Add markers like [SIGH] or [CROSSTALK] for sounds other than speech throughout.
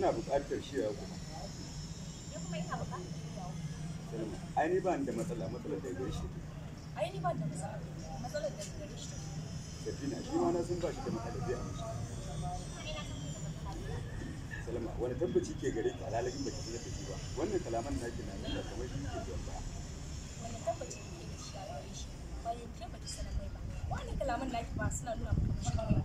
ina buƙatar shi ya kuma ai ni ba da shi ni da matsala matsala da gare shi safina shi ma na san shi da matsala a salama wani tabbaci ke gare ki alalakin baki na tafi ba wannan kalaman na ke na kamar shi ke zuwa ba wani kalaman na ba suna nuna kamar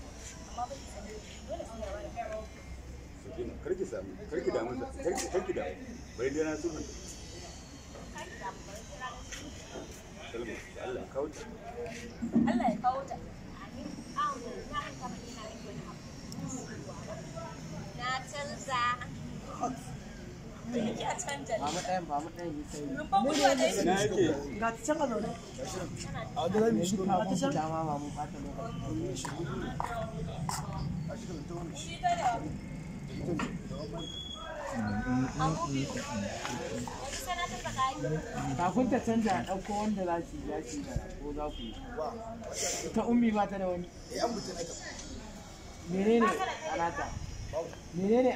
sakina karki damu kawo ta Allah ya kawo ta kafin ta canja a ɗauko wanda za su ya ce da ko za ku yi ta ba ta da wani menene menene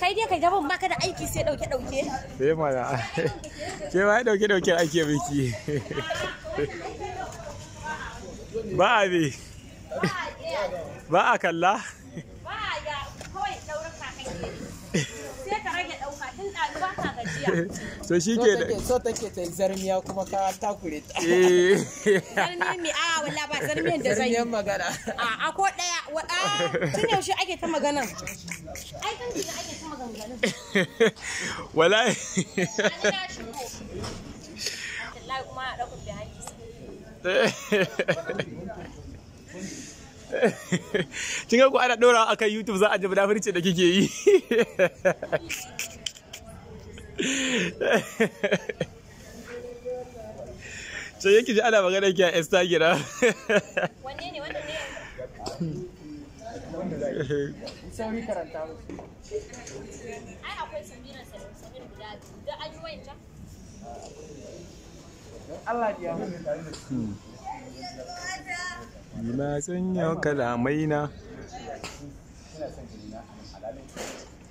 kai dai ka jaban baka da aiki sai dauke dauke eh mana ke ma dauke dauke ake biki ba abi ba a kalla [LAUGHS] to shi ke da so take ta zarmiya kuma ka takure ta eh. [LAUGHS] zarmi mi a ah, wala ba zarmiyan da zai magana ah, a a daya wa ah, tun yaushe ake ta magana ai tun da ake ta magana [LAUGHS] wallahi wallahi kin ga ku ana dorawa akan YouTube za a ji budafirce da kike yi sai yake ji ana magana ki a instagram wanne ne wanda ne sauri karanta ai akwai samira samir guda da an yi wayanta Allah ya yi ma sun yi kalamai na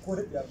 ko da